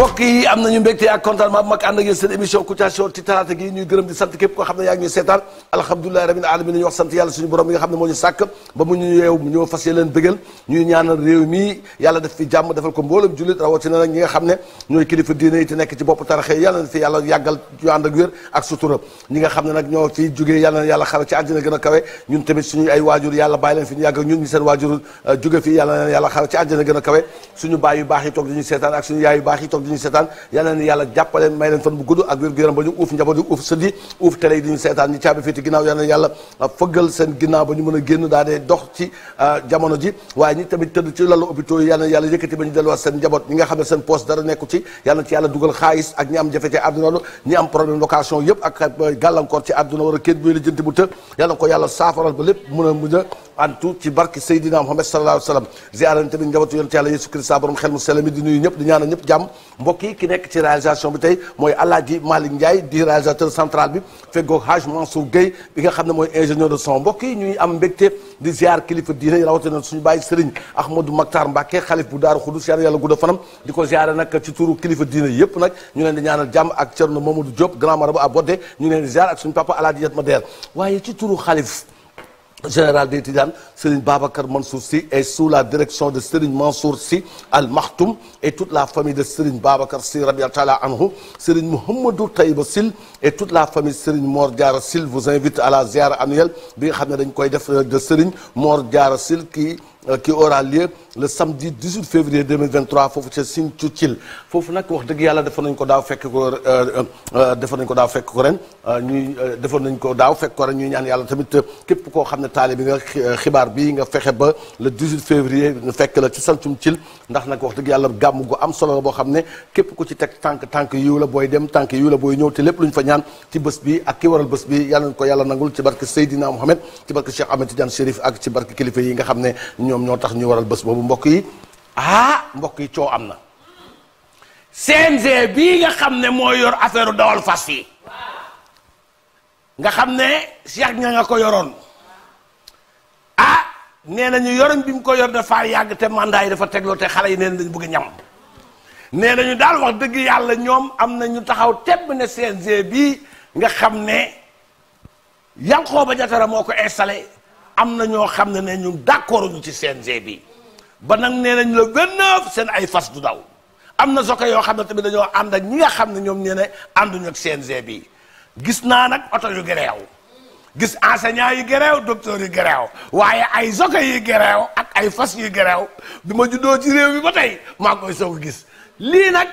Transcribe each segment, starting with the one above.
mbokk yi am nañu mbégte ak contentement bu mag ànd ak yéen seen émission Kouthia Show ci talaata gi ñuy gërëm di sant képp koo xam ne yaa ngi seetaan alhamdulilahi rabbil alamin nañu wax sant yàlla suñu borom bi nga xam ne moo ñu sàkk ba mu ñu yeew ñoo fas yéene bëggal ñuy ñaanal réew mi yàlla def fi jàmm defal ko mboolam jullit rawatina nag ñi nga xam ne ñooy kilifa diine yi te nekk ci bopp taraxe yi yàlla fi yàggal nga xam ne nag ñoo fi jógee yàlla na yàlla xare ci àddina gën a kawe ñun tamit suñu ay waajur yàlla bàyyi di ñu seetaan yàlla na yàlla jàppale may leen fan bu gudd ak wér-gu-yaram ba ñu uuf njaboot yi uuf sët uuf télé yi di seetaan ñu caabi fii ci ginnaaw yàlla na ah, yàlla fëggal seen ginnaaw ba ñu mën a génn daa dee dox ci ah, jamono ji waaye ñi tamit tëdd ci lalu hôpitaux yi yàlla yàlla yëkkati ba ñu delluwaat seen njaboot ñi nga xam seen poste dara nekku ci yàlla na ci yàlla dugal xaalis ak ñi am jafe ah, ci àdduna war a kéet buy lijjanti bu të yàlla ko yàlla saafaral mbokk yi ki nekk ci réalisation bi tey mooy Alaaji Malick Ndiaye di réalisateur central bi feggoog Haj Mansour Gueye bi nga xam ne mooy ingénieur de son mbokk yi ñuy am mbégte di ziar kilifa diine na suñu bàyyi Serigne Ahmadou Maktar Mbacke xalif bu Daaru Xudus yàlla yàlla gudda fanam di ko ziare nag ci turu kilifa diine yëpp nag ñu leen di ñaanal jàmm ak Cerno Mamadou Diop grand marabout à Bodé ñu leen di ziar ak suñu papa Alaaji Yatma turu xalif général des Tidianes Serigne Babacar Mansour Sy est sous la direction de Serigne Mansour Sy Al Maktoum et toute la famille de Serigne Babacar Sy Rabiya Taala Anhu Serigne Mouhamadou Taïba Sil et tout la famille Serigne Mor Diarra Sil vous invite à la ziara annuelle bi nga xam ne dañ koy def de Serigne Mor Diarra Sil kii Euh, qui aura lieu le samedi 18 février 2023 foofu ca Sinthiou foofu nag wax dëgg yàlla defoon nañ ko daaw fekk ko euh, euh, defoon nañ ko fekk ren ñuy defoon nañ ko daaw fekk ko ren ñuy ñaan yàlla tamit képp koo xam ne taali bi nga xibaar bi nga fexe ba le 18 février fekk la ci Sinthiou Thiel ndax nag wax dëgg yàlla gàmm gu am solo la boo xam ne képp ku ci teg tànk tànk yiw la booy dem tànk yiw la booy ñëw te lépp lu fa ñaan ci bés bi ak ki waral bés bi yàlla nañ ko yàlla nangul ci barke Seydina Mohamed ci barke Cheikh yi nga xam ne ñoom ñoo tax ñu waral bés boobu mbokk yi ah mbokk yi coow am na CNG bii nga xam ne moo yor affaire dawal fas yi nga xam ne Cheikh ña nga ko yoroon ah nee nañu yoroon bi mu ko yor dafa yàgg te mandat yi dafa tegloo te xale yi neen dañu bëgg ñam nee nañu daal wax dëgg yàlla ñoom am na ñu taxaw tebb ne CNG bii nga xam ne Yankhoba Diattara moo ko installé am na ñoo xam ne ne ñun d'accord ñu ci CNG bi ba nag nee nañ le 29 seen ay fas du daw am na soke yoo xam ne tamit dañoo ànd ak ñi nga xam ne ñoom nee ne ànduñu ak CNG bi gis naa nag oto yu gereew gis enseignant yi gereew docteur yi gereew waaye ay soke yu gereew ak ay fas yu gereew bi ma juddoo ci réew mi ba tey maa koy soog gis lii nag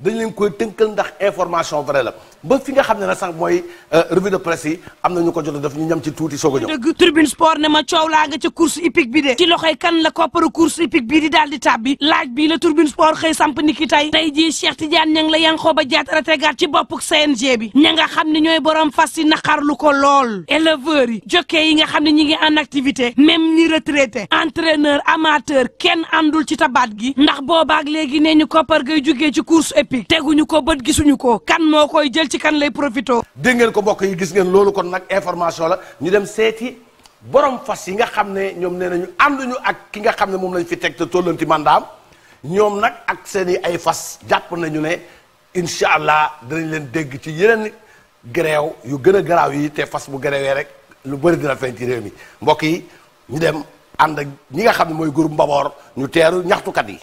dañ leen koy tënkal ndax information bare la ba fi nga xam ne na sax mooy euh, revue de presse yi am na ñu ko jot a def ñu ñam ci tuuti soog a ñëw dëgg tribune sport ne ma coow laa nga ca course hippique bi de ci loxoy kan la kopparu course hippique bii di daal di tàbbi laaj bi la tribune sport xëy samp ni ki tey tey jii Cheikh Tidiane ña ngi la yan xooba jaatara tegaat ci boppuk CNG bi ña ga xam ne ñooy borom fas yi naqarlu ko lool éleveurs yi jokkee yi nga xam ne ñi ngi en activité même ñi retraité entraîneur amateur kenn àndul ci tabaat gi ndax boobaak léegi nee ñu koppar gay jugee ci course hippique teguñu ko bët gisuñu ko kan moo koy jël ci kan lay profito dégg ko mbokk yi gis ngeen loolu kon nag information la ñu dem seeti borom fas yi nga xam ne ñoom nee nañu ànduñu ak ki nga xam ne moom lañ fi teg te tollanti mandaam ñoom nag ak seen i ay fas jàpp nañu ne incha allah dinañ leen dégg ci yeneen grève yu gën a garaaw yi te fas bu grèvee rek lu bëri dina feeñ ci réew mi mbokk yi ñu dem ànd ak ñi nga xam ne mooy groupe Mbaboor ñu teeru ñaxtukat yi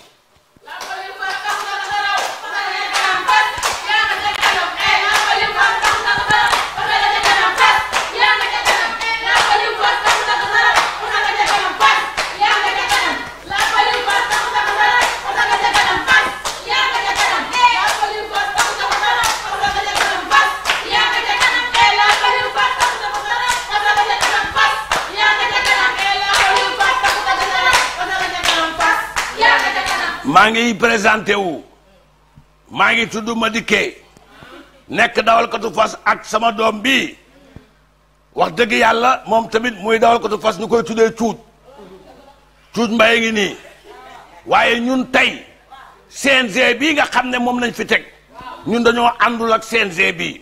maa ngi présenté wu maa ngi tudd ma Madické nekk dawalkatu fas ak sama doom bi wax dëgg yàlla moom tamit muy dawalkatu fas ñu koy tuddee cuut cuut mbaye ngi nii waaye ñun tey CNG bii nga xam ne moom lañ fi teg ñun dañoo àndul ak CNG bii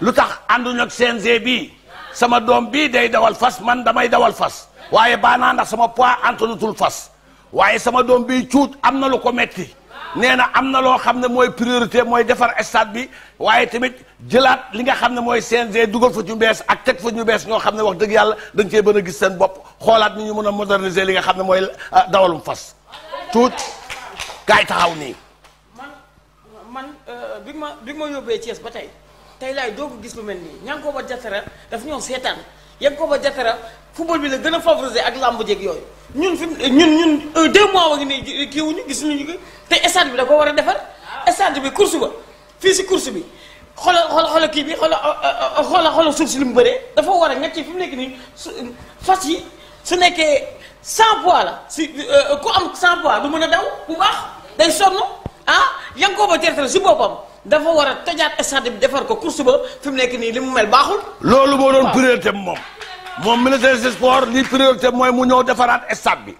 lu tax ànduñu ak CNG bii sama doom bii day dawal fas man damay dawal fas waaye naa ndax sama poids antanutul fas waaye sama doom bi cuuc am na lu ko metti nee na am na loo xam ne mooy priorité mooy defar stade bi waaye tamit jëlaat li nga xam ne mooy CNG dugal fa ñu bees ak teg fa ñu bees ñoo xam ne wax dëgg yàlla da nga cee mën a gis seen bopp xoolaat ni ñu mën a moderniser li nga xam ne mooy ah, dawalum fas tuut kaay taxaw nii. man man euh, bi ma bi ma yóbbee cees ba tey tey laay doo ko gis lu mel nii ña ko ba jatara daf ñoo seetaan. Yankoba Diattara football bi la gën a favoriser ak làmb jeeg yooyu ñun fi ñun ñun euh, deux mois wa ngi ne kii wuñu gis nañu ko te stade bi da ko war a defar. stade bi course ba fii si course bi xoolal xoolal xoolal kii bi xoolal euh, euh, xoolal xoolal suuf si lu mu bëree dafa war a nga ci fi mu nekk nii fas yi su nekkee 100 poids la si ku am 100 poids du mën a daw bu baax day sonn ah Yankoba Diattara si boppam. dafa war a tëjaat stade bi defar ko course ba fi mu nekk nii li mu mel baaxul. loolu moo doon priorité moom. moom ministère des sports li priorité mooy mu ñëw defaraat stade bi.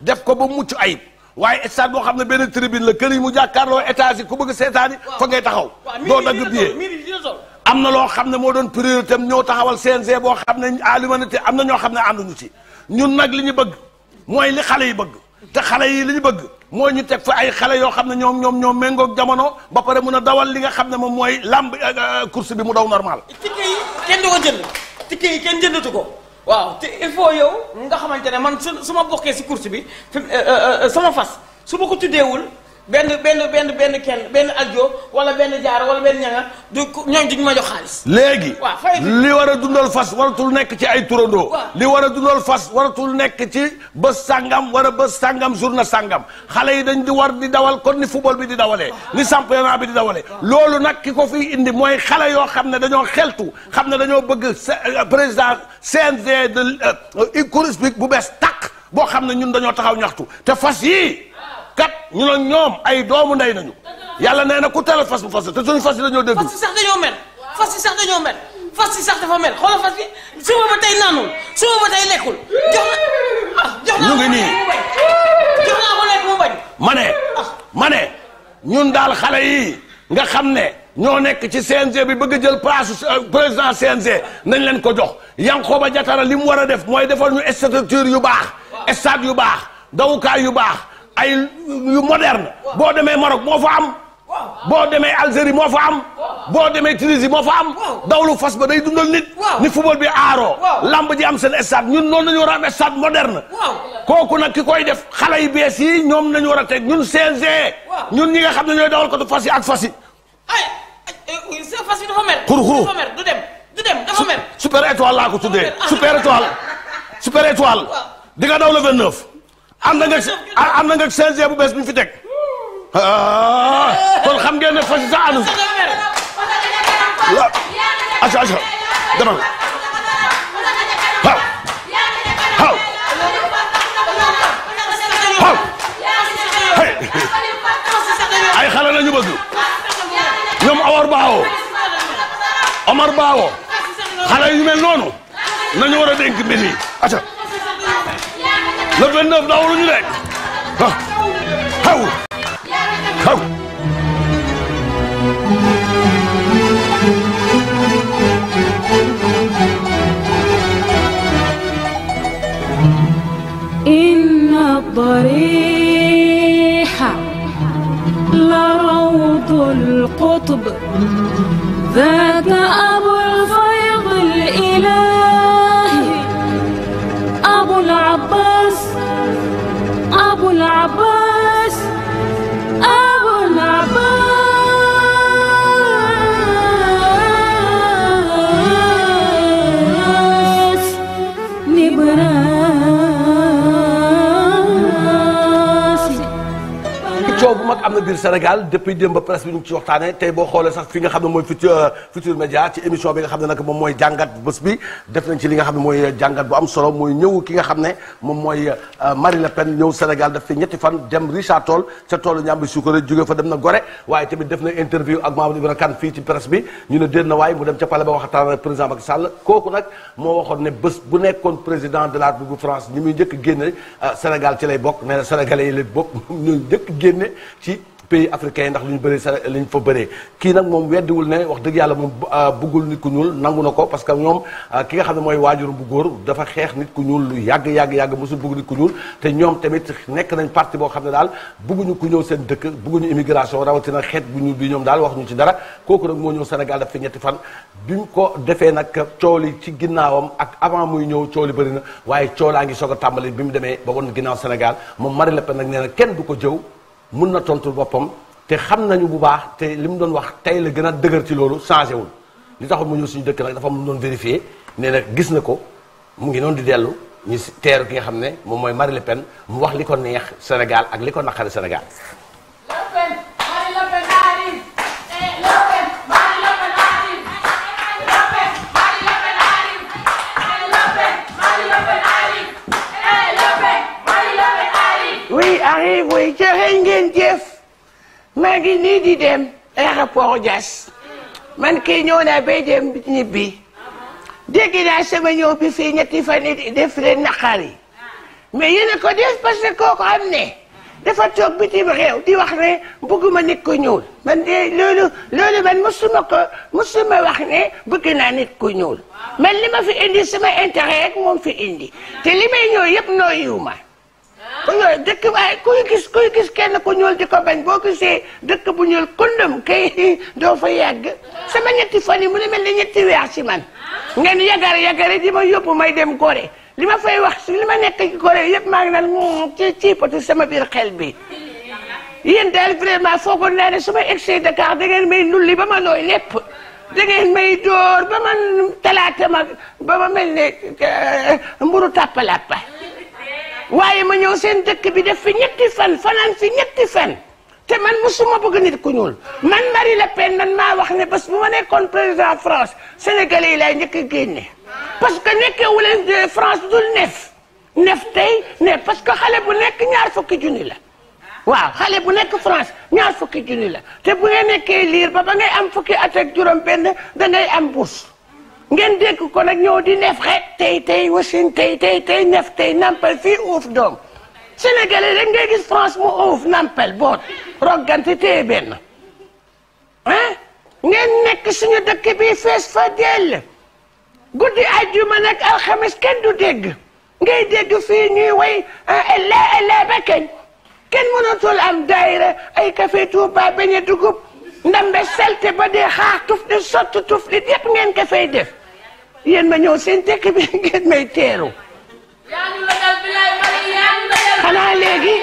def ko ba mucc ayib. waaye stade boo xam ne benn tribune la kër yi mu jàkkaarloo étage yi ku bëgg seetaani fa ngay taxaw. doo dagg billet am na loo xam ne moo doon priorité am ñoo taxawal CNG boo xam ne à l'humanité am na ñoo xam ne ànduñu ci ñun nag li ñu bëgg mooy li xale yi bëgg te xale yi li ñu bëgg moo ñu teg fa ay xale yoo xam ne ñoom ñoom ñoom méngoog jamono ba pare mun a dawal li nga xam ne moom mooy làmb euh, euh, course bi mu daw normal. ticket yi kenn du ko jënd ticket yi kenn jëndatu ko waaw te il faut yow nga xamante ne man su su ma bokkee si course bi euh, sama fas su ma ko tuddeewul. benn benn benn benn kenn benn aljo wala benn jaar wala benn ñanga du ñoom duñ ma jox xaalis. léegi li war a dundal fas waratul nekk ci ay turandoo. li war a dundal fas waratul nekk ci bés sangam wala bés sangam journée sangam xale yi dañ di war di dawal kon ni football bi di dawalee. ni championnat bi di dawale loolu nag ki ko fiy indi mooy xale yoo xam ne dañoo xeltu xam ne dañoo bëgg euh, président CNG de euh, euh, course bu bees tàq boo xam ne ñun dañoo taxaw ñaxtu te fas yii. kat ñu ne ñoom ay doomu ndey nañu. yàlla nee na ku teel a fas bu fas te suñu fas yi dañoo dégg. fas yi sax dañoo mel. fas yi sax dañoo mel. fas yi sax dafa mel xoolal fas yi suba ba tey naanul suba ba tey lekkul jox na ah jox naa ko lekk mu bañ. ma ne ah. ma ne ñun daal xale yi nga xam ne ñoo nekk ci CNG bi bëgg jël place euh, président CNG nañ leen ko jox Yankhoba Diattara li mu war a def mooy defal ñu structure yu baax stade yu baax dawukaay yu baax. ay yu moderne boo demee Maroc moo fa am boo demee Algérie moo fa am boo demee Tunisie moo fa am dawlu fas ba day dundal nit ni football bi aaroo lamb ji am seen stade ñun noonu nañu war a am stade moderne kooku nag ki koy def xale yu bees yi ñoom nañu war a teg ñun CNG ñun ñi nga xam ne ñooy dawal ko fas yi ak fas yi ay fas yi dafa mer xuru xuru du dem du dem dafa mer super étoile laa ko tuddee super étoile ah. super étoile di nga daw le 29 am na nga am na nga CNG bu bees bi ñu fi teg ah, kon xam ngeen ne fas yi sax ànd. waaw acca acca ah, ah, demal waaw waaw waaw ay xale la ñu bëgg ñoom Omar Baawo Omar Baawo xale yu mel noonu nañu war a dénk mbir yi acca le 29 dawul ñu de ah xaw xaw. inna ad-dariha la rawdul qutb. biir Sénégal depuis démb presse bi ñu ngi xoolee sax fi nga xam ne mooy futur euh, futur média ci émission bi nga xam ne nag moom mooy jàngat bés bi def mooy euh, jàngat bu solo mooy ñëw ki nga xam ne moom mooy euh, Marie Le Pen ñëw Sénégal def fi ñetti fan dem Richard Toll ca toolu ñambi suukara jóge fa dem na Gorée waaye tamit def na interview ak Mamadou Ibra Kane fii ci presse bi ñu ne déet na waaye mu dem ca palais ba waxtaan ak président Macky Sall kooku nag moo waxoon ne bés bu nekkoon président de la République France ñi muy jëkk génne Sénégal ci lay bokk nee na Sénégalais yi lay bokk ñooy njëkk génne ci pays africain ndax li ñu sa li ñu fa bëree kii nag moom weddiwul ne wax dëgg yàlla moom ah, bëggul nit ku ñuul nangu na ko parce que ñoom ah, ki nga xam ne mooy waajur bu góor dafa xeex nit ku ñuul lu yàgg yàgg yàgg mosul bëgg nit ku ñuul te ñoom tamit nekk nañ parti boo xam ne daal bëgguñu ku ñëw seen dëkk bëgguñu immigration rawatina xeet bu ñuul bi ñoom daal wax ñu ci dara kooku nag moo ñëw Sénégal daf fi ñetti fan bi mu ko defee nag coow li ci ginnaawam ak avant muy ñëw coow li bëri na waaye coow laa ngi soog tàmbali bi mu demee ba woon ginnaaw Sénégal moom Marie Le nag nee na kenn du ko jëw mun na tontu boppam te xam nañu bu baax te li mu doon wax tey la gën a dëgër ci loolu changé wul li taxul mu ñëw suñu dëkk nag dafa mu doon vérifié ne nag gis na ko mu ngi noonu di dellu ñu teeru ki nga xam ne moom mooy Marie Le Pen mu wax li ko neex Sénégal ak li ko naqari Sénégal arrive wuy jërë ngeen jëf maa ngi nii di dem aéroport Diass man ke ñëw naa bay dem ñibbi dégg naa sama ñëw bi fii ñetti fa yi def leen naqari mais yéen a ko def parce que kooku am ne dafa toog bitim réew di wax ne bëgguma nit ku ñuul man de loolu loolu man musuma ko musuma wax ne bëgg naa nit ku ñuul man li ma fi indi sama intérêt rek moom fi indi te li may ñëw yëpp nooyuma ko yooyu dëkk waaye kuy gis kuy gis kenn ku ñuul di ko bañ boo gisee dëkk bu ñuul kundum kay doo fa yàgg sama ñetti fan yi mu a mel ni ñetti weer si man ngeen yagar yagari di ma yóbbu may dem Gorée li ma fay wax si li ma nekk ci Gorée maa ngi naan mm, ci ciipatu sama biir xel bi yéen daal vraiment foogoon naa ne su ma egsee Dakar da ngeen may nulli ba ma nooy lépp da ngeen may door ba man talaata ma ba ma mel ne euh, mburu tàppalàppa waaye ma ñëw seen dëkk bi def fi ñetti fan fanaan fi ñetti fan te man musuma bëgg nit ku ñuul man Marie Le Pen man maa wax ne bés bu ma nekkoon président France sénégal yi lay njëkk a génne parce que nekkewu leen euh, France dul neef neef tey ne parce que xale bu nekk ñaar fukki junni la waaw xale bu nekk France ñaar fukki junni la te bu ngay nekkee liir ba ba ngay am fukki at ak juróom benn da ngay am bourse ngeen dégg ko nag ñëw di neef rek tey tey wasin tey tey tey neef tey nampal fii uuf doom sénégalais rek gis France mu uuf nampal boot roggante téye benn ngeen nekk suñu dëkk bi fees fa dell guddi ajjuma nag alxames kenn du dégg ngay dégg fii ñuy way elle eh, elle eh, eh, ba kañ kenn mënatul am daayira ay café Touba beñe dugub ndambe salte ba dee xaar tuf di sotti di yépp ngeen ko def yéen ma ñëw seen tekki bi ngeen may teeru. xanaa léegi.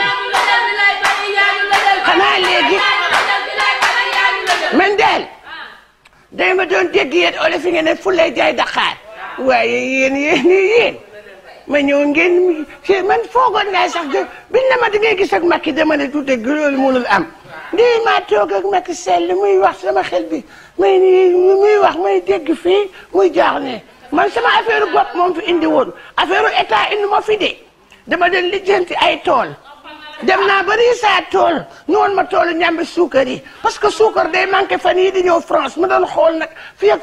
xanaa léegi. man daal. Ah. day ma doon dégg yéen olof yi ngeen ne fu lay jaay Dakar. waaye yéen yéen yéen. ma ñëw ngeen man foogoon naa sax de biñ ma da ngay gis ak Macky dama ne du dëgg loolu mënul am. ndey maa toog ak Macky Sall muy wax sama xel bi may muy wax may dégg fii muy jaax ne man sama affaire bopp moom fi indi woon affaire état indi ma fi de dama den ti ay tool dem naa bari saa tool ñu woon ma toolu ñambi suukar yi parce que suukar day manqué fan yii di ñëw France ma doon xool nag fii ak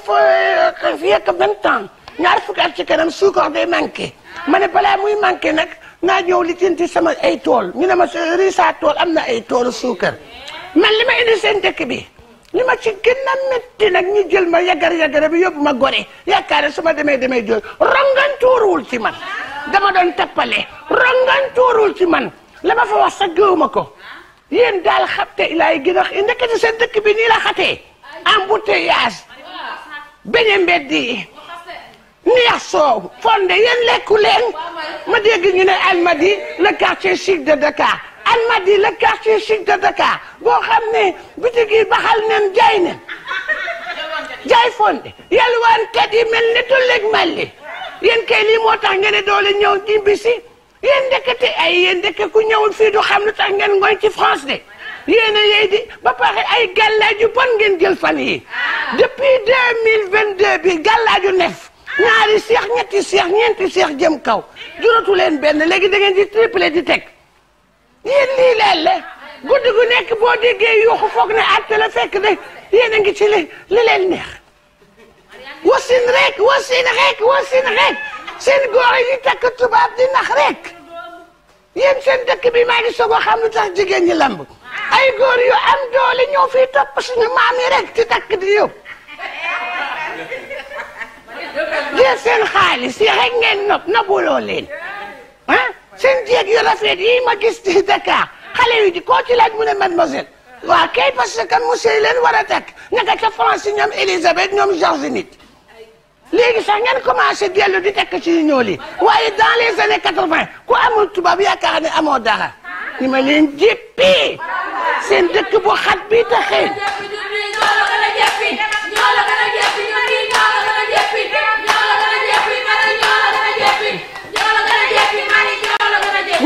fii ak vingt ñaar fukki at ci kanam suukar day manqué ma ne balaa muy manqué nag naa ñëw lijjanti sama ay tool ñu ne ma risaa tool am na ay toolu suukar man li ma indi seen dëkk bi li ma ci gën a nag ñu jël ma yagar yagar bi yóbbu ma gore yaakaar ne su ma demee demee jooy rongan tuuruwul ci man dama doon tappale rongan tuuruwul ci man la ma fa wax sa gëw ko yéen daal xabte ilaay gën a nekkati seen dëkk bi nii la xatee embouteillage beñe mbedd yi niyax soow fonde yéen lekku leen ma dégg ñu ne Almadies le quartier chic de Dakar Almadies le quartier chic de Dakar boo xam ne bitig yi baxal nen jaay nen jaay fonde yalwaankat yi mel ni tulleeg malli yéen kay lii moo tax ngeen ne doole ñëw jimbi si yéen ndekete ay yéen ndeke ku ñëwul fii du xam lu tax ngeen ngoñ ci France de yéen a di ba pare ay gàllaaju bon ngeen jël fan yi depuis deux mille vingt deux bi gàllaaju nef ñaari seex ñetti seex ñeenti seex jëm kaw juratu leen benn léegi da ngeen di triplé di teg yéen lii leel la guddi gu nekk boo yuuxu foog ne àtte la fekk ne yéen ngi ci li li neex wasin rek wasin rek wasin rek seen góor yi takk tubaab di nax rek yéen seen dëkk bi maa ngi soog tax jigéen ñi lamb ay góor yu am doole ñoo fi topp suñu maam yi rek ci takk di yóbbu jël seen xaalis yi rek ngeen nopp nabuloo leen seen jéeg rafet yi ma gis ci Dakar xale yu di koo mademoiselle waaw kay parce que monsieur yi leen war a takk ñaka ca France ñoom Elisabeth ñoom George nit léegi sax ngeen commencé di tekk ci ñool yi waaye dans les quatre-vingt ku amul tubaab yaakaar ne amoo dara ni ma leen jéppee seen dëkk bu xat bi taxee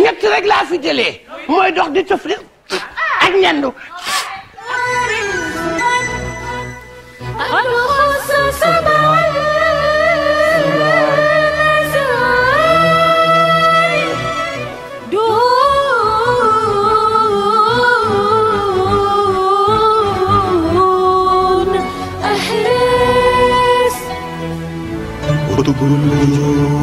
ñett rek laa fi jëlee mooy dox di tëfli ak ñendu Tudo por um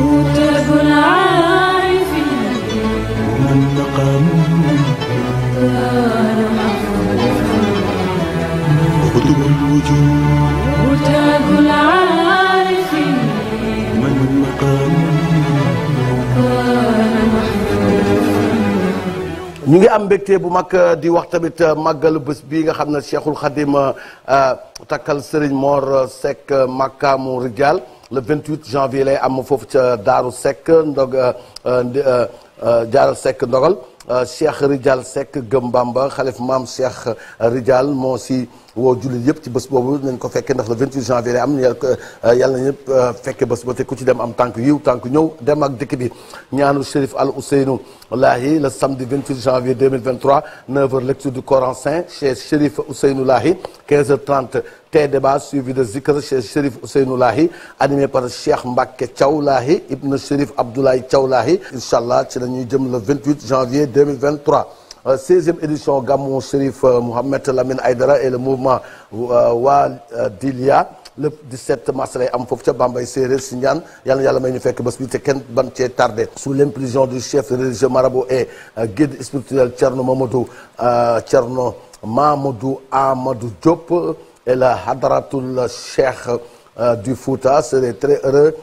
ñu ngi am mbégte bu mag euh, di wax tamit euh, màggalu bés bii nga xam ne Cheikhul Khadim euh, takkal Serigne Mor Seck Makamu Rijal le 28 janvier lay am foofu ca Daaru Seck ndog Jaaral Seck ndogal Cheikh Rijal gëm Gëmbamba xalif maam Cheikh Rijal moo si. woo jullit yëpp ci bés boobu nañ ko fekkee ndax le 28 janvier am na euh, yàlla na ñëpp euh, fekke bés ba te ku ci dem am tànk yiw tànk ñëw dem ak dëkk bi ñaanu Chérif Al Ousseynou Lahi le samedi 28 janvier 2023 9h lecture du Coran Saint chez Chérif Ousseynou Lahi 15h30 thé débat suivi de zikr chez Chérif Ousseynou Lahi animé par Cheikh Mbacké Thiaw ibn Chérif Abdoulaye Thiaw Lahi ci la ñuy le janvier 16e euh, édition Gamou Chérif euh, Mohamed Lamine Aydara et le mouvement euh, Wadilia le 17 mars lay am foofu ca Bambey séeréer si ñaan yàlla na yàlla may ñu fekk bés bi te ban cee tardé sous l'impulsion du chef religieux marabout et guide spirituel Thierno Mamadou Thierno Mamadou Amadou Diop et la Hadratul Cheikh du Fouta serait très heureux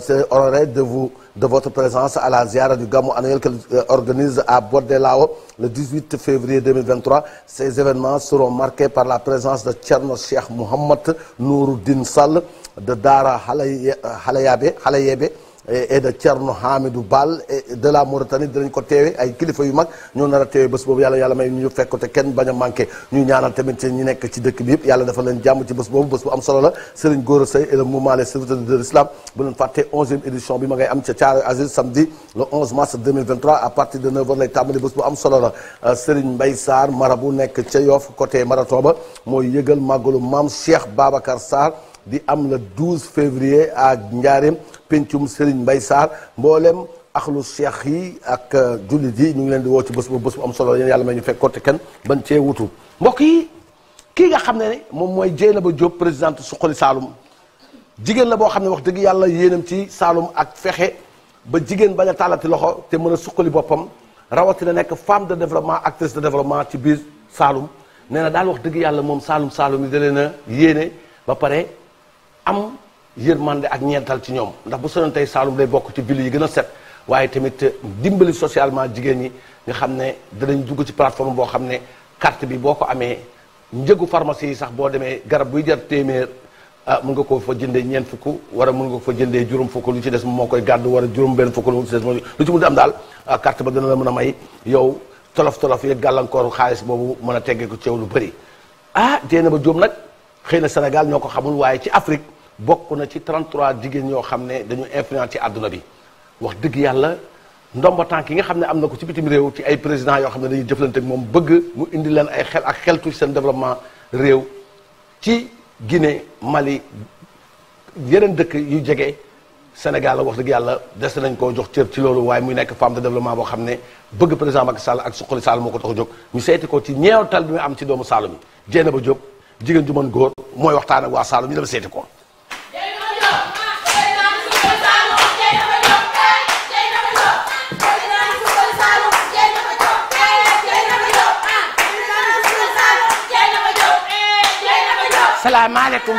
s'est euh, honoré de vous de votre présence à la ziara du Gamou annuel qu'elle euh, organise à Bordelao le 18 février 2023. Ces événements seront marqués par la présence de Tcherno Cheikh Mohamed Nouruddin Sall de Dara Halayebe euh, et e de Thierno Hamidou Ball et de la Mauritanie dinañ ko teewe ay kilifa yu mag ñoo nara a teewe bés boobu yàlla yàlla may ñu fekk kenn bañ a manqué ñu ñaanal tamit ci nekk ci dëkk bi yëpp yàlla dafa leen jàmm ci bés boobu bés bu am solo la Serigne Gora Seye et le mouvement les serviteurs de l'islam bu leen fàtte 11e édition bi ma ngay am ca Thiaroye Azur samedi le 11 mars 2023 à partir de 9h lay tàmbali bés bu am solo la euh, Serigne Mbaye Sarr marabu nekk ca Yoff côté Marathon ba mooy yëgal màggalu maam Cheikh Babacar Sarr di am le 12 février à Njaareem pencum Serigne Mbaye Sarr mboolem lu cheikh yi ak euh, jullit yi ñu ngi leen di woo ci bés bu bés bu am solo yéen yàlla may ñu fekk ko te kenn ban cee wutu mbokk yi kii nga xam ne moom mooy ba Diop présidente Suxali Saalum jigéen la boo xam ne wax dëgg yàlla yéenam ci Saalum ak fexe ba jigéen bañ a tàllati loxo te mën a suqali boppam rawatina nekk femme de développement actrice de développement ci biir Saalum nee na daal wax dëgg yàlla moom Saalum Saalum yi da leen yéene ba pare am yërmande ak ñeental ci ñoom ndax bu sonoon tey Saalum day bokk ci ville yi gën a set waaye tamit dimbali socialement jigéen ñi nga xam ne danañ dugg ci plateforme boo xam ne carte bi boo ko amee njëgu pharmacie yi sax boo demee garab buy jar téeméer ah, mun nga ko fa jëndee ñeent fukk wala mun nga ko fa jëndee juróom fukk lu ci des moo koy gàddu wala juróom benn fukk lu ci lu ci mun di am daal ah, carte ba dana la mën a may yow tolof tolof yeeg gàllankooru xaalis boobu mën a teggee ko ceew lu bëri ah jéena ba jóom nag xëy na Sénégal ñoo ko xamul waaye ci Afrique bokk na ci 33 jigéen yoo xam ne dañu influence ci àdduna bi wax dëgg yàlla ndomba tànk yi nga xam ne am na ko ci bitim réew ci ay président yoo xam ne dañuy jëflante moom bëgg mu indi leen ay xel ak xeltu seen développement réew ci Guinée Mali yeneen dëkk yu jege Sénégal wax dëgg yàlla des nañ koo jox cër ci loolu waaye muy nekk femme de développement boo xam ne bëgg président Macky Sall ak suqali Sall moo ko tax a jóg ñu seeti ko ci ñeew tal bi mu am ci doomu Saalum yi ba jóg jigéen ju mën góor mooy waxtaan ak waa Saloum ñu dem seeti ko. salaamaaleykum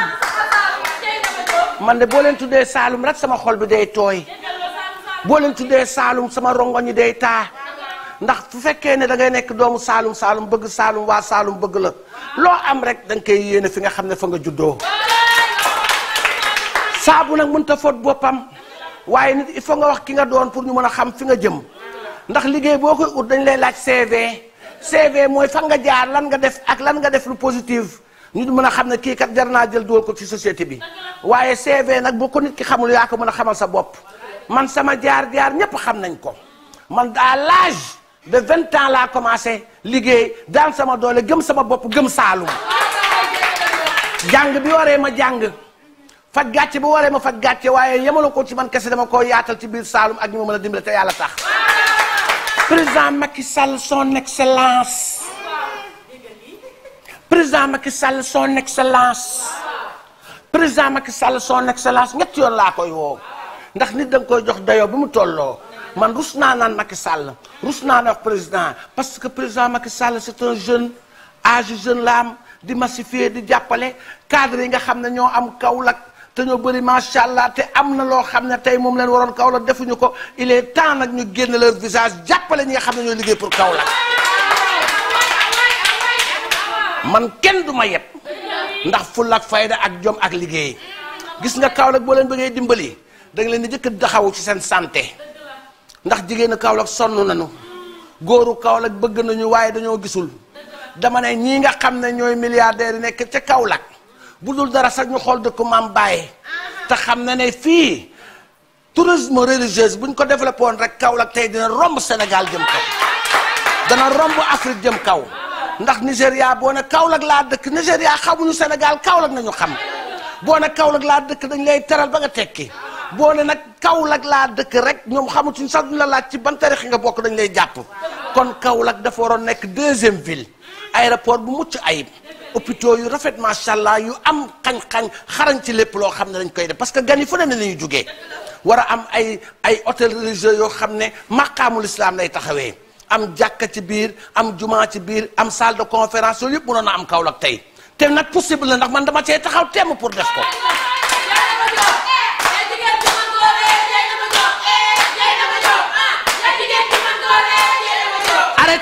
man de boo leen tuddee Saalum rek sama xol bi day tooy boo leen tuddee Saalum sama rongoñ yi day taa ndax fu fekkee ne da ngay nekk doomu saalum saalum bëgg saalum waa saalum bëgg la loo am rek da nga koy yéene fi nga xam ne fa nga juddoo saabu nag mënta fóot boppam waaye nit il faut nga wax ki nga doon pour ñu mën a xam fi nga jëm ndax liggéey boo koy ut dañ lay laaj CV CV mooy fan nga jaar lan nga def ak lan nga def lu positif ñu mën a xam ne kii kat jar naa jël dugal ko ci société bi waaye CV nag boo ko nit ki xamul yaa ko mën a xamal sa bopp man sama jaar jaar ñépp xam nañ ko man daa laaj de vingt ans laa commencé liggéey daan sama doole gëm sama bopp gëm saalum jàng bi waree ma jàng faj gàcce bi waree ma faj gàcce waaye yemala ko ci man kese dama koo yaatal ci biir saalum ak ñi ma mën a dimbale te yàlla tax président Macky Sall son excellence président Macky Sall son excellence président Macky Sall son excellence ñett yoon laa koy woow ndax nit da koy jox dayoo bi mu tolloo man rus naa naan Macky Sall rus naa na wax président parce que président Macky Sall c'est un jeune âge jeune la am di massifier di jàppale cadre yi nga xam ne ñoo am Kaolack te ñoo bëri macha allah te am na loo xam ne tey moom leen waroon Kaolack defuñu ko il est temps nag ñu génn la visage jàppale ñi nga xam ne ñoo liggéey pour Kaolack man kenn du ma yeb ndax fulla ak fayda ak jom ak liggéey gis nga Kaolack boo leen bëggee dimbali da leen di jëkk taxawu ci seen santé ndax jigéenu Kaolack sonn nañu góoru Kaolack bëgg nañu waaye dañoo gisul dama ne ñii nga xam ne ñooy milliardaires yi nekk ca Kaolack bu dul dara sax ñu xool dëkku maam Baye te xam na ne fii tourisme religieuse bu ñu ko développé rek Kaolack tey dina romb Sénégal jëm kaw dana romb Afrique jëm kaw ndax Nigéria boo ne Kaolack laa dëkk Nigéria xamuñu Sénégal Kaolack nañu xam boo ne Kaolack laa dëkk dañu lay teral ba nga tekki boole ne nag Kaolack laa dëkk rek ñoom xamatuñ sax duñ la laaj ci ban tarix nga bokk dañ lay jàpp kon Kaolack dafa waroon nekk deuxième ville aéroport bu mucc ay hôpitaux yu rafet macha allah yu am xañ-xañ xarañ ci lépp loo xam ne dañ koy def parce que gan yi fu ne ne ñuy jugee war a am ay ay hôtel religieux yoo xam ne maqaamul islam lay taxawee am jàkka ci biir am jumaa ci biir am salle de conférence yooyu yëpp mënoon a am Kaolack tey te nag possible la ndax man dama cee taxaw temm pour def ko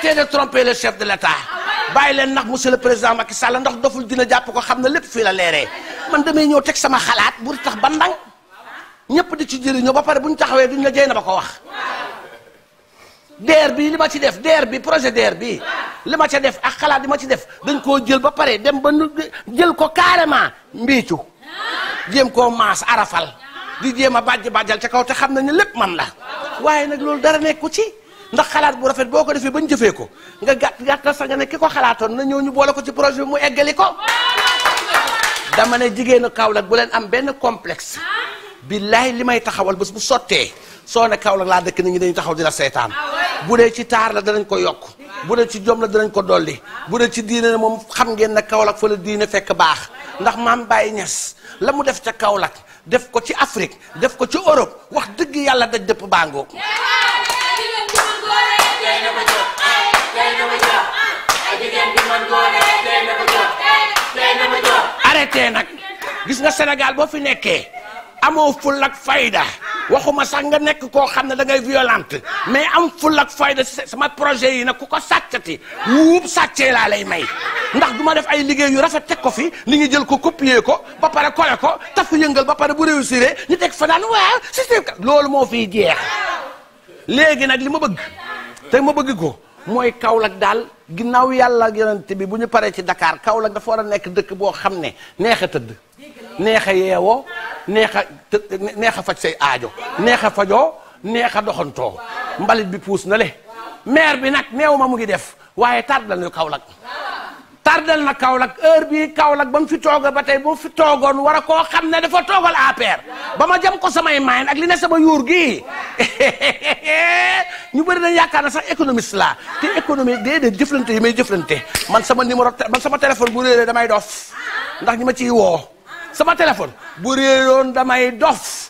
arrêtez de tromper le chef de l'État bàyyi leen ndax monsieur le président Macky Sall ndax doful dina jàpp ko xam ne lépp fii la leeree man damay ñëw teg sama xalaat bu tax ba ndang ñëpp di ci jëriñoo ba pare bu ñu taxawee duñ la jëy na ba ko wax. DER bi li ma ci def DER bi projet DER bi li ma ca def ak xalaat li ma ci def dañ koo jël ba pare dem ba jël ko carrément mbiicu jéem koo maas arafal di jéem a bàjj bàjjal ca kaw te xam na ñu lépp man la waaye ndax xalaat bu rafet boo ko defee bañ jëfee ko nga gàtt gàttal sax nga ne ki ko xalaatoon na ñëw ñu boole ko ci projet bi mu eggali ko dama ne jigéenu Kaolack bu leen am benn complexe billaay li may taxawal bés mu sottee soo ne Kaolack laa dëkk nit ñi dañu taxaw di la seetaan bu dee ci taar la danañ ko yokk bu dee ci jom la danañ ko dolli bu dee ci diine ne moom xam ngeen ne Kaolack fa la diine fekk baax ndax maam Baye Niass la mu def ca Kaolack def ko ci Afrique def ko ci Europe wax dëgg yàlla daj dëpp bàngoog arrêté nag gis nga Sénégal boo fi nekkee amoo ful ak fayda waxuma sax nga nekk koo xam ne da ngay violente mais am ful ak fayda sama projet yi nag ku ko sàccati wuub sàccee laa lay may ndax du ma def ay liggéey yu rafet teg ko fi li ngi jël ko copier ko ba pare collé ko taf yëngal ba pare bu réussir ñu teg fa naan waaw système loolu moo fiy jeex léegi nag li ma bëgg te ma bëgg ko. mooy Kaolack daal ginnaaw yàlla ak bi bu ñu paree ci dakaar Kaolack dafa war a nekk dëkk boo xam ne neex a tëdd neex a yeewoo neex a neex a faj say aajo neex a fajoo neex a doxantoo mbalit bi puus na le maire bi nag neew ma mu ngi def waaye tardal ñu Kaolack tardel na Kaolack heure bii Kaolack ba mu fi tooga ba tey boo fi toogoon war a koo xam ne dafa toogal APR ba ma jam ko samay mayen ak li ne sama yuur gi ñu bëri dañ yaakaar na sax économiste la te économie déedéet jëflante yi may jëflante man sama numéro man sama téléphone bu réeree damay dof ndax ñi ma ciy woo sama téléphone bu réeroon damay dof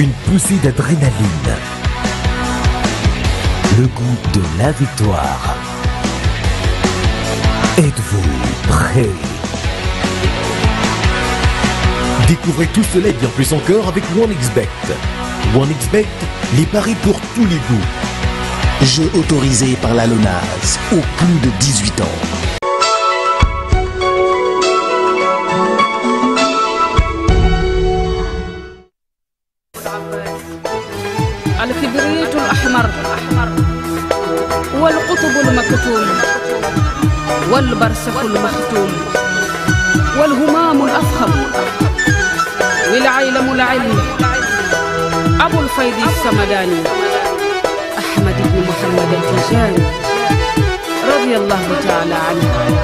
Une poussée d'adrénaline. Le goût de la victoire. Êtes-vous prêts Découvrez tout cela et bien plus encore avec OneXBet. OneXBet, les paris pour tous les goûts. Jeu autorisé par la LONAS aux plus de 18 ans. والبرسخ المختوم والهمام الأفخم والعيلم العلم أبو الفيض السمداني أحمد بن محمد التجاني رضي الله تعالى عنه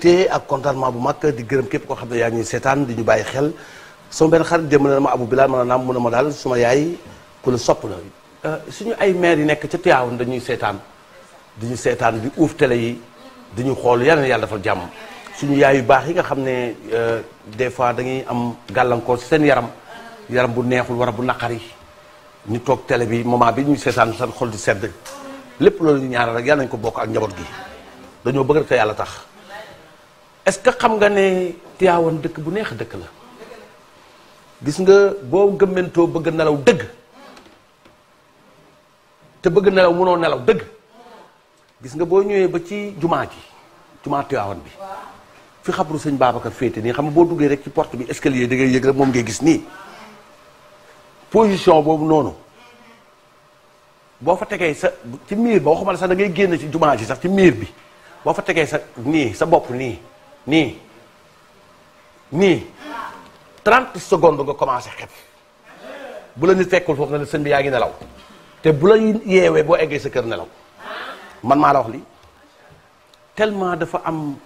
te ak contentement bu mag di gërëm képp koo xam ne yaa ngi seetaan di ñu bàyyi xel sama benn xarit dem na ma Abou Bilal mën a naam mu ne ma daal suma yaay ku la sopp la euh, suñu ay mair yi nekk ca Tivaouane dañuy seetaan diñu seetaan di uuf télé yi di ñu xool yal na yàlla defal jàmm suñu yaay yu baax yi nga xam ne euh, des fois dañuy am gàllankoor ci seen yaram yaram bu neexul war a bu yi ñu toog télé bi moment bi ñu seetaan seen xol di sedd lépp loolu ñu ñaanal rek yàlla nañ ko bokk ak njaboot gi dañoo tax est que xam nga ne Tiwaawan dëkk bu neex dëkk la gis nga boo gëmmentoo bëgg nelaw dëgg te bëgg nelaw mënoo nelaw dëgg gis nga boo ñëwee ba ci jumaa ji jumaa Tiwaawan bi fi xabru sëñ Babacar féete nii xam nga boo duggee rek ci porte bi escalier da ngay yëg rek moom ngay gis nii position boobu noonu boo fa tegee sa ci miir ba waxuma la sax da génn ci jumaa ji sax ci miir bi boo fa tegee sa nii sa bopp nii nii nii 30 secondes nga commencé xef bu la nit fekkul foofu na la sëñ bi yaa ngi nelaw te bu la yeewee boo eggee sa kër nelaw man maa la wax li tellement dafa am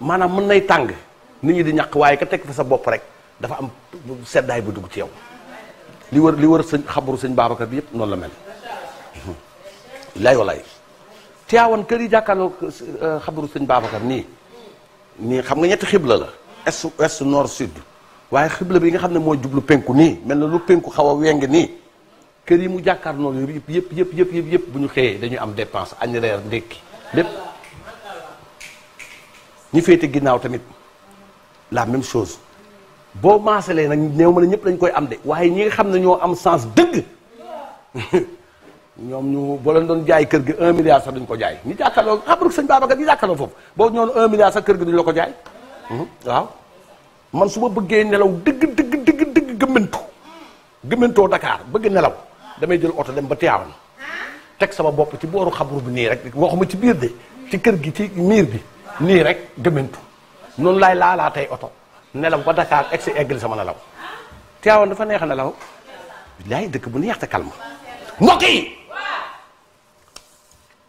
maanaam mën nay tàng nit ñi di ñàq waaye ka teg fa sa bopp rek dafa am seddaay bu dugg ci yow li wër li wër sëñ xabaru sëñ Babacar bi yëpp noonu la mel lay walaay tiyaawan kër yi jàkkaarloo euh, xabaru sëñ Babacar nii nii xam nga ñetti xibla la est ouest nord sud waaye xibla bi nga xam ne moo jublu penku nii mel na lu penku xaw a weng nii kër yi mu jàkkaar noonu yëpp yëpp yëpp yëpp yëpp yëpp bu ñu xëyee dañuy am dépense añ reer ndékki lépp ñi féete ginnaaw tamit la même chose boo maasalee nag néew ma ne ñëpp dañ koy am de waaye ñi nga xam ne ñoo am sens dëgg ñoom ñu boo leen doon jaay kër gi un milliard sax duñ ko jaay ñu jàkkaarloo ah bëgg sëñ Babacar ñu foofu boo ñoon un milliard sax kër gi duñ la ko jaay mhm, waaw man su ma bëggee nelaw dëgg dëgg dëgg dëgg gëmmantu gëmmantoo Dakar bëgg nelaw damay jël oto dem ba Tivaouane teg sama bopp ci booru xabru bi nii rek waxuma ci biir de ci kër gi ci miir bi nii rek gëmmantu noonu laay laalaa oto nelaw ba Dakar egg si eggali sama nelaw Tivaouane dafa neex a nelaw bilaay dëkk bu neex te calme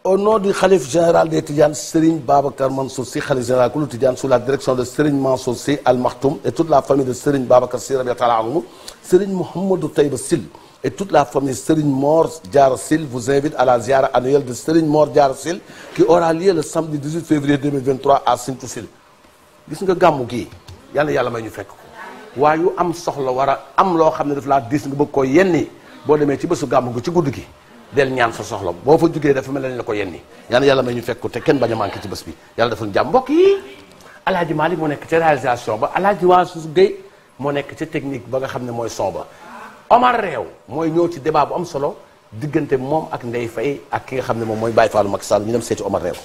au nom du khalife général des Tidjanes Serigne Babacar Mansour Sy khalife général kulu Tidjane sous la direction de Serigne Mansour Sy Al Maktoum et toute la famille de Serigne Babacar Sy Rabbi Ta'ala anhu Serigne Mouhamadou Taïba Syll et toute la famille Serigne Mor Diarra Syll vous invite à la ziara annuelle de Serigne Mor Diarra Syll qui aura lieu le samedi 18 février 2023 à Sinthiou Syll gis nga gàmmu gii yal na yàlla may ñu fekk ko waaye yu am soxla war a am loo xam ne daf laa diis nga bëgg koo yenni boo demee ci bésu gàmmu gi ci guddi gi del ñaan sa soxla boo fa jugee dafa mel ne la ko yenni ñaan yàlla may ñu fekk ko te kenn bañ a manqué ci bés bi yàlla defal jàmm mbokk yi alaaji Malick moo nekk ca réalisation ba alaaji Wassou Gueye moo nekk ci technique ba nga xam ne mooy son ba Omar Réew mooy ñëw ci débat bu am solo diggante moom ak Ndeye Faye ak ki nga xam ne moom mooy Baye Fallou Macky Sall ñu dem seeti Omar Réew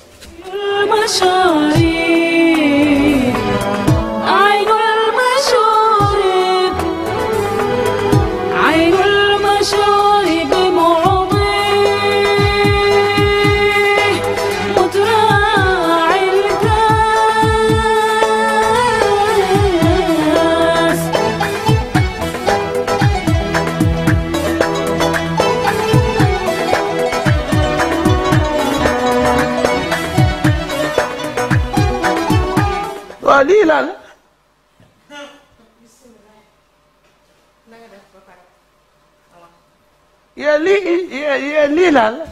yow lii yow lii laa la.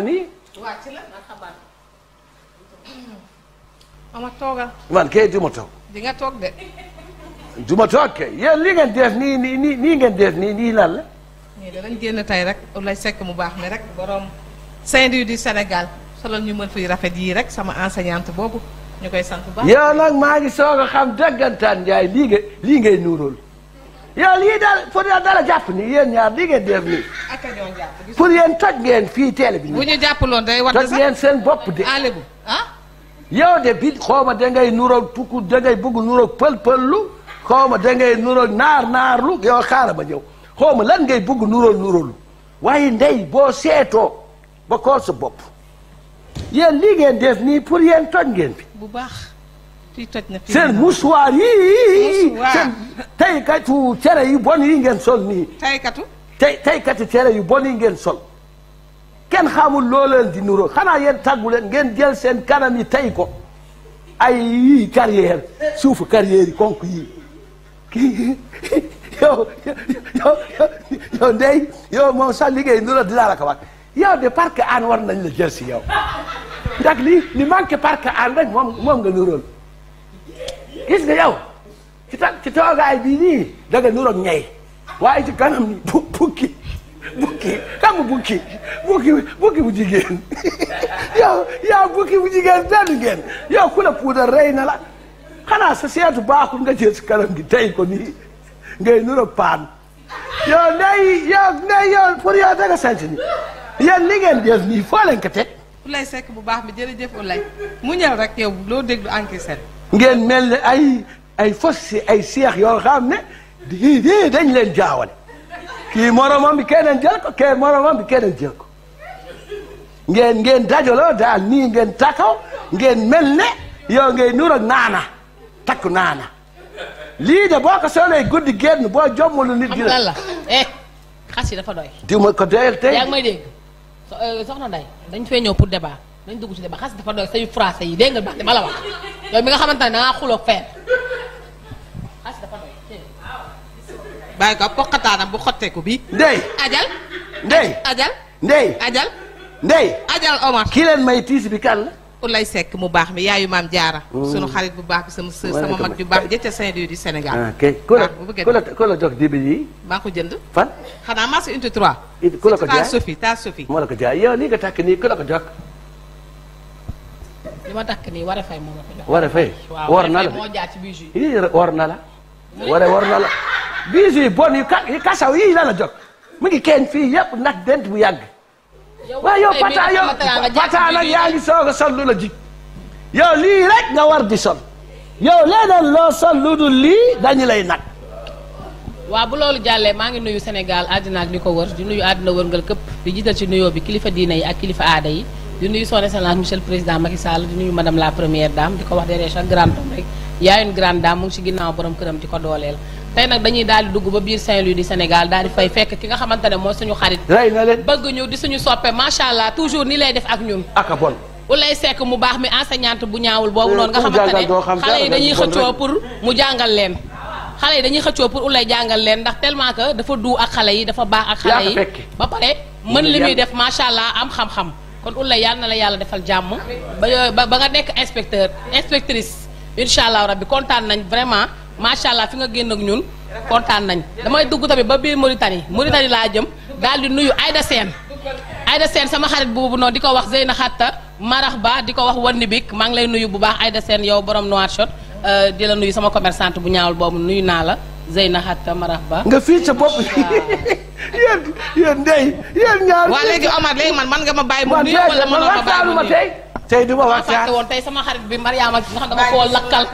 nii. waa ci la man toogal. man kay du ma di nga toog de. du ma kay yéen lii ngeen def nii nii nii ngeen def nii nii laa la. nii danañ génn tey rek Oulaye sekk mu baax mi rek boroom Saint-Louis du Sénégal solal ñu mën fi rafet yii rek sama enseignante boobu ñu koy sant bu baax. yow nag maa ngi soog a xam dëggantaan Ndiaye lii nga lii ngay nuurool yow lii daal pour dala jàpp ni yéen ñaar lii ngeen def nii. ak a toj ngeen fii télé bi. bu ñu jàppaloon day war toj ngeen seen bopp de. àlebu ah? yow de bi xaw dangay nuroog tukku dangay bëgg nuroog pël pël lu xaw ma dangay nuroog naar naar lu yow xaaral ma ñëw xaw ma lan ngay bëgg nurool nuroolu waaye ndey boo seetoo. ba koor sa bopp yéen lii ngeen def nii pour yéen toj ngeen fi. bu baax fii toj na fi seen musuwaar yi. seen cere yu bon yi ngeen sol nii. taykatu. tey taykatu cere yu bon yi ngeen sol kenn xamul loo di nuroo xanaa yen tàggu leen ngeen jël seen kanam yi tay ko ay yii carrière suufu carrière yi konk yii kii yow yow yow moom sax liggéey nuroo dinaa la ko yow de parc an war nañ la jël si yow ndax li li manqué parc an rek moom moom nga nuróol gis nga yow ci ta ci toogaay bii nii da nga nuróog ñay waaye ci kanam ni bu bukki bukki xam nga bukki bukki bukki bu jigéen yow yow bukki bu jigéen benn ngeen yow ku la puudar rey na la xanaa sa seetu baaxul nga jël si kanam gi tey ko nii ngay nuróog paan yow ndey yow ndey yow pour yow da nga sant ni yéen li ngeen def nii foo leen ko teg. Ulay Seck bu baax bi jërëjëf Ulay mu ñëw rek yow loo déglu enquête. ngeen mel ne ay ay fos ay seex yoo xam ne dañ leen jaawale kii moromam bi keneen jël ko ngeen dajaloo daal nii ngeen takaw ngeen mel ne yow ngay nur ak naana takku naana lii de boo ko solee guddi génn boo jommalu nit. dina eh, xas yi dafa doy. Euh, soxna Ndeye dañ fee ñëw pour débat dañ dugg ci débat xas dafa doy say français yi dégg nga baax ma la wax yow mi nga xamante ne dangaa xuloo fenn xas dafa doy. bàyyi ko poqataanam bu xotteeku bi. Ndeye ajal. Ndeye ajal. Ndeye ajal. Ndeye ajal Omar. ki leen lay Seck mu baax mi yaayu maam jaara mm. sunu xarit bu baax bi sama sœur sama mag ju baax ja ca Saint-Louis du Sénégal ah, ok ku la ah, ku la jox dibi yi maa ko jënd fan xanaa marché unité 3 ku ta Sophie moo la ko jaay yow li nga takk nii ku la ko jox li ma takk nii war fay moo ma ko jox war a fay war na la moo jaar ci bijou yi war na la wara war na la bijou yi bon yu kasaw yi la la jox mu ngi kenn fii yëpp ndax dent bu yàgg waaw yow pata yow pata nag yaa ngi soog a sol lu la yow lii rek nga war di sol yow leneen loo sol lu dul lii dañu lay nag waaw bu loolu jàllee maa ngi nuyu Sénégal àddina ak li ko wër di nuyu àddina wërngal këpp di jiital ci nuyoo bi kilifa diina yi ak kilifa aada yi di nuyu son excellence monsieur président Macky Sall di nuyu madame la première dame di ko wax derrière chaque grande dame rek yaa une grande mu ngi ci ginnaaw boroom këram di ko dooleel tey nag dañuy daal di dugg ba biir Saint-Louis di Sénégal daal di fay fekk ki nga xamante ne mooy suñu xarit. rey na leen bëgg ñu di suñu soppe macha allah toujours ni lay def ak ñun. aka bon. ulay sekk mu baax mi enseignante bu ñaawul boobu eh, noonu nga xamante ne xale yi dañuy xëccoo pour mu jàngal leen. xale yi dañuy xëccoo pour ulay jàngal leen ndax tellement que dafa du ak xale yi dafa baax ak xale yi ba pare mën li muy def macha allah am xam-xam kon la yàlla na la yàlla defal jàmm ba ba nga nekk inspecteur inspectrice incha allah rabbi kontaan nañ vraiment macha allah fi nga génn ak ñun kontaan nañ damay dugg tamit ba biir Mauritanie Mauritanie laa jëm daal di nuyu Aïda Sène Aïda Sène sama xarit boobu noonu di ko wax na Xatta marax ba di ko wax wanni bik maa ngi lay nuyu bu baax Aïda Sène yow borom noir shot euh, di la nuyu sama commerçante bu ñaawul boobu nuyu naa la na Xatta marax ba nga fii sa bopp yéen yéen ndey yéen ñaar waa léegi man man nga ma bàyyi mu nuyu wala mënoo ma bàyyi mu nuyu tey du ma woon tey sama xarit bi Mariama nga xam dama koo lakkal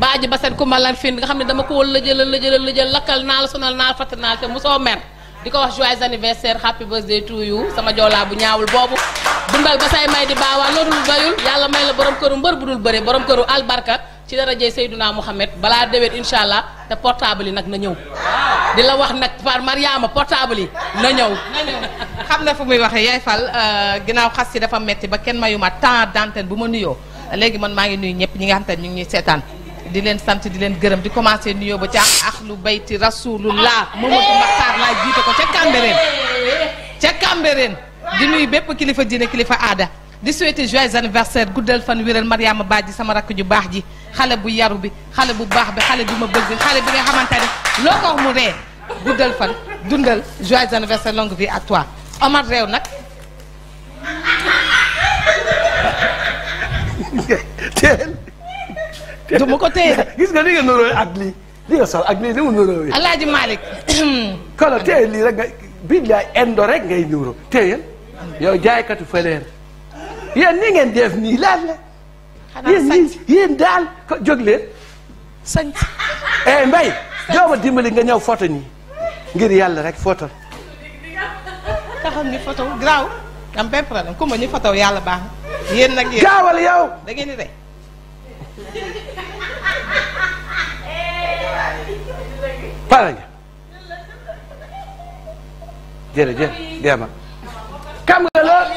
baaji baset ku malan fin nga xam ne dama ko lëjël lëjël lëjël lakkal naa la sonal naa la fatt naa la te mosoo mer di ko wax joyeux anniversaire happy birthday to you sama joolaa bu ñaawul boobu dundal ba say may di baawaa la dul doyul yàlla may la borom këru mbër bu dul bëre borom këru albarka ci darajey Seyduna Muhammad balaa déwéet incha allah te portable yi nag na ñëw di la wax nag par Mariama portable yi na ñëw xam na fu muy waxee yaay Fall euh, ginnaaw xas si dafa metti ba kenn mayu ma temps d'antenne bu ma nuyoo léegi man maa ngi nuyu ñëpp ñi nga xam ñu ngi ñuy seetaan di leen sant di leen gërëm di commencé nuyoo ba ca axlu bayti rasulullah Mamadou Maxtaar laa jiite ko ca Cambérène ca Cambérène di nuy bépp kilifa diine kilifa aada di souhaiter joyeux anniversaire guddal fan wéral Mariama Badji sama rakk ju baax ji xale bu yaru bi xale bu baax bi xale bi ma bëgg xale bi nga xamante ne loo ko wax mu ree guddal fan dundal joyeux anniversaire longue vie à Omar réew nag du ma ko téye de. gis nga li nga nëróo ak lii li nga sol ak lii li mu nëróo yi. Alaaji Malick. kon nag lii rek nga bii laay endo rek ngay nëróo téyel yow jaaykatu fëleer yéen ni ngeen def nii laal la. xanaa sànq daal ko leen. sànq. eh Mbaye. doo ma nga ñëw foto ñi ngir yàlla rek foto. taxaw ni foto garaaw am benn problème ku ma ñu yàlla baax na. nag yéen gaawal yow ngeen pare nga jërëjëf Demba. xam nga loolu.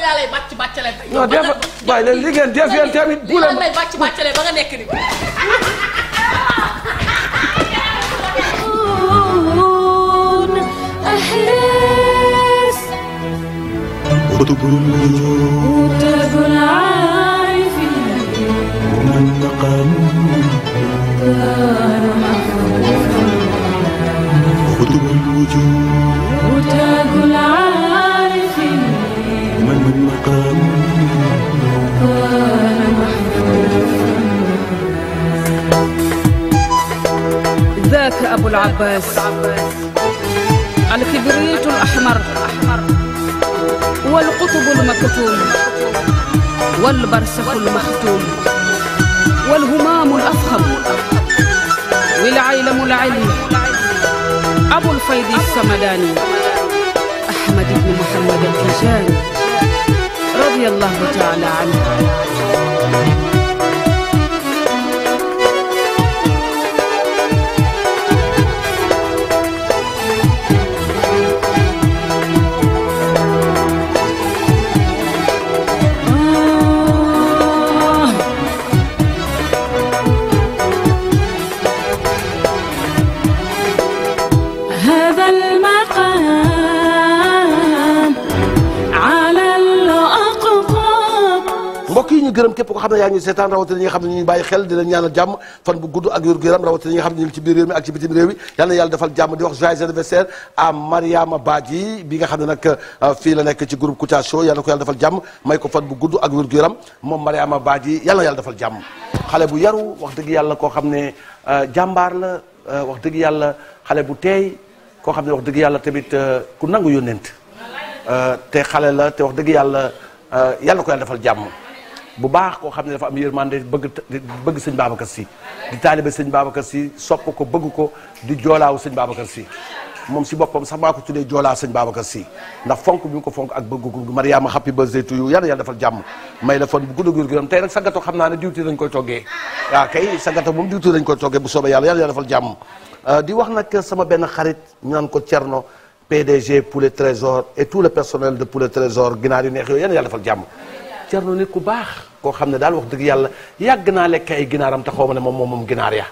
non Demba waaye léegi li ngeen def yéen tamit. bu la ma ba nga nekk nii. قطب الوجود تاج العارفين ومن مقام الوجوه وتاج العارفين من مقام كان محفوظا ذاك أبو العباس الكبريت الأحمر والقطب المكتوم والبرسخ المختوم والهمام الأفخم والعيلم العلم أبو الفيض السمداني أحمد بن محمد الكيشاني رضي الله تعالى عنه gërëm képp ko xam ne yaa ngi seetaan rawatina ñi nga xam ne ñu bàyyi xel di leen ñaanal jàmm fan bu gudd ak wér-gu-yaram rawatina ñi nga xam ne ñu ci biir réew mi ak ci bitim réew mi yal na yàlla euh, fii la nekk ci groupe Kouthia Show yal ko yàlla defal jàmm may ko fan bu gudd ak wér-gu-yaram moom Mariama Badji yal na yàlla defal jàmm xale bu yaru wax dëgg yàlla koo xam ne euh, jàmbaar la euh, wax dëgg yàlla xale bu teey koo xam ne wax dëgg yàlla tamit ku nangu yónneent te xale la te wax dëgg yàlla yàlla ko yàlla defal jàmm bu baax koo xam ne dafa am yërmande bëgg bëgg sëñ Babacar Sy di taalibe sëñ Babacar sopp ko bëgg ko di joolaawu sëñ Babacar Sy moom si boppam sax maa ko tuddee joolaa sëñ Babacar Sy ndax fonk bi mu ko fonk ak bëgg ko Mariama happy birthday to you yàlla defal jàmm may la fan bu gudd góor gërëm tey nag sagato xam naa ne diwtiir lañ koy toggee waaw kay sagato moom diwtiir lañ koy toggee bu soobee yàlla yàlla yàlla defal jàmm euh, di wax nag sama benn xarit ñu ko Thierno PDG Poulet Trésor et tout le personnel de Poulet Trésor ginaar yu neex yooyu Cerno nit ku baax koo xam ne daal wax dëgg yàlla yàgg naa lekk ay ginaaram te xaw ma ne moom moom moom ginaar ya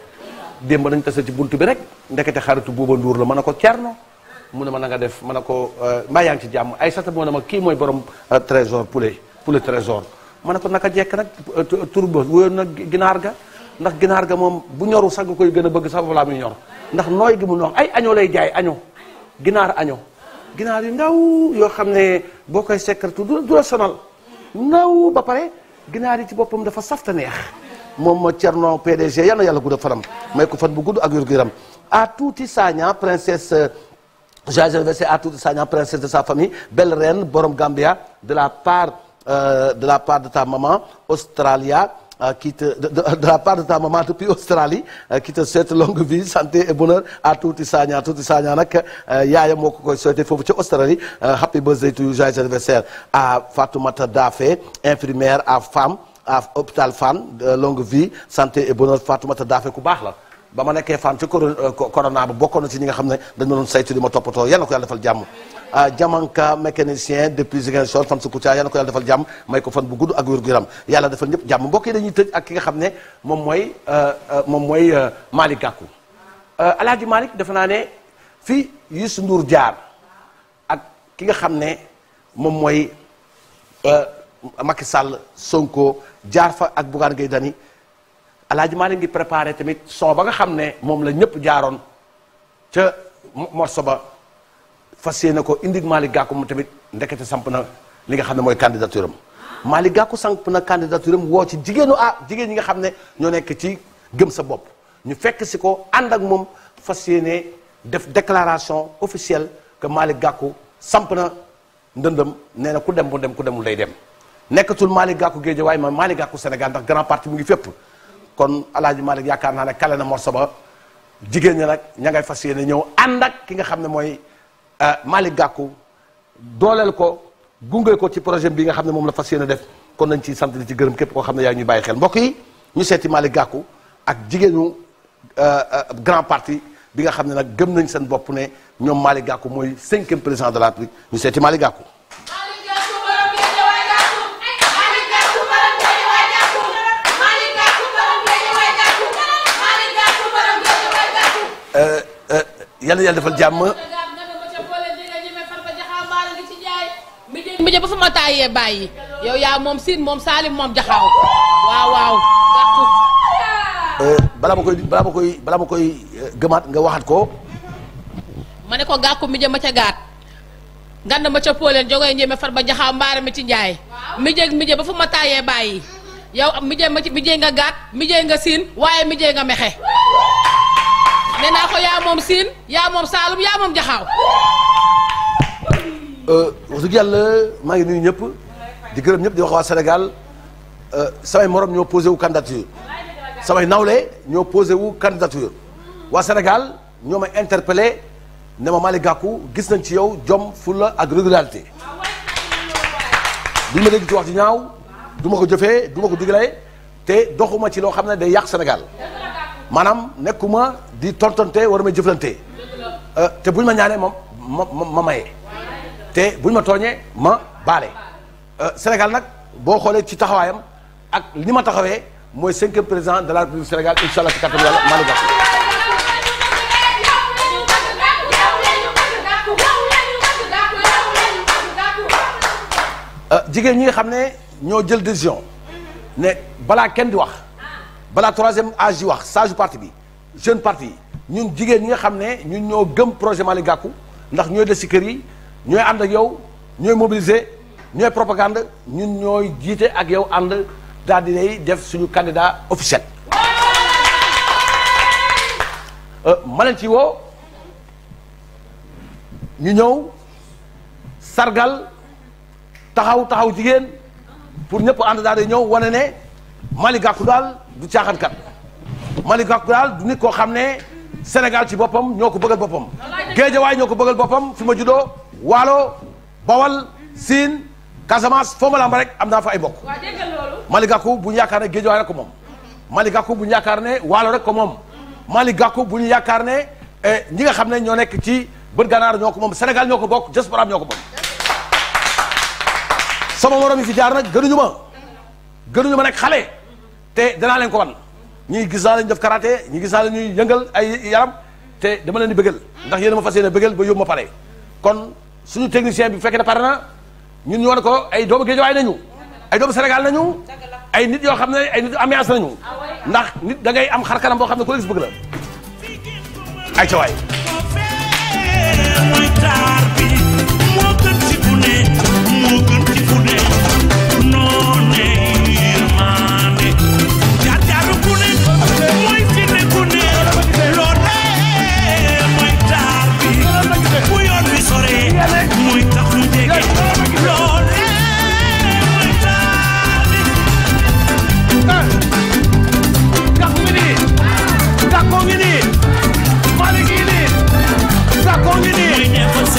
démb nañ tase ci bunt bi rek ndekete xaritu booba nduur la ma ne ko Cerno mu ne ma na nga def ma a ko euh, mbaa yaa ngi ci jàmm ay sata moo ne ma kii mooy borom euh, trésor poulet poulet trésor ma ne ko naka jekk nag euh, tur ba wóyoon na ginaar ga ndax ginaar ga moom bu ñoru sax nga koy gën a bëgg sax balaa muy ñor ndax nooy gi mu noox ay año lay jaay año ginaar a ginaar yu ndaw yoo xam ne boo koy naw ba pare ginaar yi ci boppam dafa safta neex moom ma Thierno PDG yal na yàlla gudd faram may ko fan bu gudd ak wér-gu-yaram à tuuti Sagna princesse joyeux anniversaire à tuuti Sagna princesse de sa famille belle reine borom Gambia de la part euh, de la part de ta maman Australia qui te de, de, de la part de ta maman depuis Australie qui eh, te souhaite longue vie santé et bonheur à Tuuti Sagna Tuuti Sagna nag yaayam eh, e moo ko koy souhaité foofu ci Australie eh, happy birthday to you joyeux anniversaire à Fatoumata Daffé infirmière à femme hopital hôpital Fann longue vie santé et bonheur Fatoumata Daffé ku baax la ba ma nekkee femme ci euh, corona ba bokkoon na ci ñi nga xam ne dañ ma doon saytu di ma toppatoo yal na ko yàlla defal jàmm jamanka euh, mécanicien depuis Ziguinchor fan sa Kouthia yal na ko yàlla defal jàmm may ko fan bu gudd ak wér gu yaram yàlla defal ñëpp jàmm mbokk yi dañuy tëj ak ki nga xam ne moom mooy euh, moom mooy Malick Gakou defe naa ne fii Youssou Ndour jaar ak ki nga xam ne moom mooy Macky Sall Sonko jaar fa ak Bougane Gueye Dany Alaaji Maalik ngi préparé tamit son ba nga xam ne moom la ñëpp jaaroon ca morso ba fas yéene ko indi Malick Gakou mu tamit ndekete samp na li nga xam ne mooy candidature am Malick Gakou samp na candidature am woo ci jigéenu ah jigéen ñi nga xam ne ñoo nekk ci gëm sa bopp ñu fekk si ko ànd ak moom fas yéene def déclaration officielle que Malick Gakou samp na ndëndëm nee na ku dem mu dem ku demul day dem nekkatul Malick Gakou Guédiawaye ma Malick Gakou Sénégal ndax grand parti mu ngi fépp kon alaaji Malick yaakaar naa ne kale na morso ba jigéen ñi nag ña ngay fas yéene ñëw ànd ak ki nga xam ne mooy euh, Malick Gakou dooleel ko gunge ko ci projet bi nga xam ne moom la fas yéene def kon nañ ci sant di ci gërëm képp koo xam ne yaa ñu ñuy bàyyi xel mbokk yi ñu seeti Malick Gakou ak jigéenu euh, euh, grand parti bi nga xam ne nag gëm nañ seen bopp ne ñoom Malick Gakou mooy cinquième président de la République ñu seeti Malick Gakou Euh, euh, yal na yàlla defal jàmm. mbi jë ba sama taayee bàyyi yow yaa moom siin moom saalim moom jaxaaw waaw waaw euh, balaa ma koy balaa ma koy balaa nga waxaat ko ma ne ko gàkku mi jë ma ca gaat ngand ma ca pooleen jogoy njéeme far ba jaxaaw mbaara mi ci njaay mi jë mi jë ba fu ma taayee bàyyi yow mi ma mi jë nga gaat mi nga siin waaye mi nga mexe nee naa ko yaa moom siin yaa moom Saalum yaa moom Jaxaaw. Euh, wax dëgg yàlla maa ngi nuyu ñëpp di gërëm ñëpp di wax waa Sénégal euh, samay morom ñoo posé wu candidature samay nawle ñoo posé wu candidature waa Sénégal ñooma may ne ma Malick gàkku gis nañ ci yow jom fulla ak régularité duñ ma dégg ci wax ci ñaaw du ko jëfee du ma ko diglee te doxuma ci loo xam ne day yàq Sénégal. maanaam nekkuma di tontante war ma jëflante euh, te buñ ma ñaanee ma ma ma maye te buñ ma tooñee ma baale euh, Sénégal nag boo xoolee ci taxawaayam ak ni ma taxawee mooy cinquième président de la République Sénégal incha allah ci kàttan yàlla maa ngi euh, jigéen ñi xam ne ñoo jël décision ne balaa kenn di wax balaa troisième âge yi wax sage parti bi jeune parti yi ñun jigéen ñi nga xam ne ñun ñoo gëm projet mali Gakou ndax ñooy des ci kër yi ñooy ànd ak yow ñooy mobiliser ñooy propagande ñun ñooy jiite ak yow ànd daal di def suñu candidat officiel. Euh, ma ci woo ñu ñëw sargal taxaw taxaw jigéen pour ñëpp ànd daal di ñëw wane ne. Malick Gakou daal du caaxaankat mali Gakou daal du nit koo xam ne Sénégal ci boppam ñoo ko bëggal boppam waay ñoo ko bëggal boppam fi ma juddoo Waalo Bawal Siin Casamance foo ma am rek am naa fa ay mbokk Malick Gakou bu ñu yaakaar ne Géejawaay rek ko moom Malick bu ñu ne Waalo rek ko moom Malick Gakou bu ñu yaakaar ne eh, ñi nga xam ne ñoo nekk ci bët gànnaar ñoo ko moom Sénégal ñoo ko bokk diaspora ñoo ko bokk sama morom yi fi jaar nag gënuñu ma gënuñu ma nekk xale te danaa leen ko wan ñii gis naa leen def karaté ñii gis naa leen ñuy yëngal ay yaram te dama leen di bëggal ndax yéen a ma fas yéene bëggal ba yóbbu ma pare kon suñu technicien bi bu fekkee ne pare na ñu ñu wan ko ay doomu Géejawaay nañu ay doomu Sénégal nañu ay nit yoo xam ne ay nit ambiance nañu ndax nit da ngay am xar kanam boo xam ne ku la gis bëgg la ay cawaay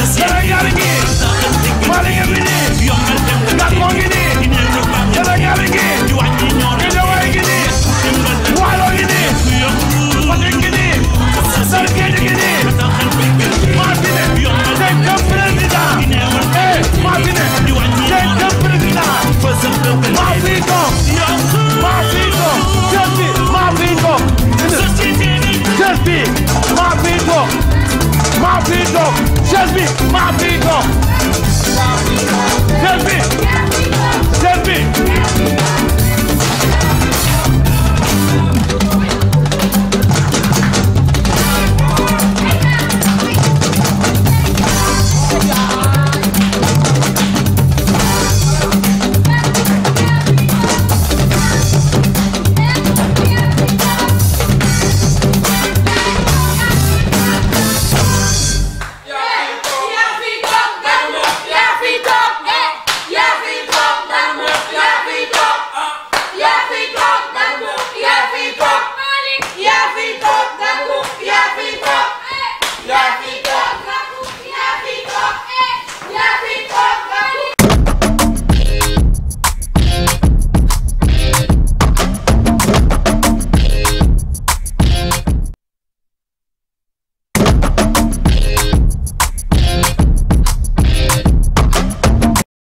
Just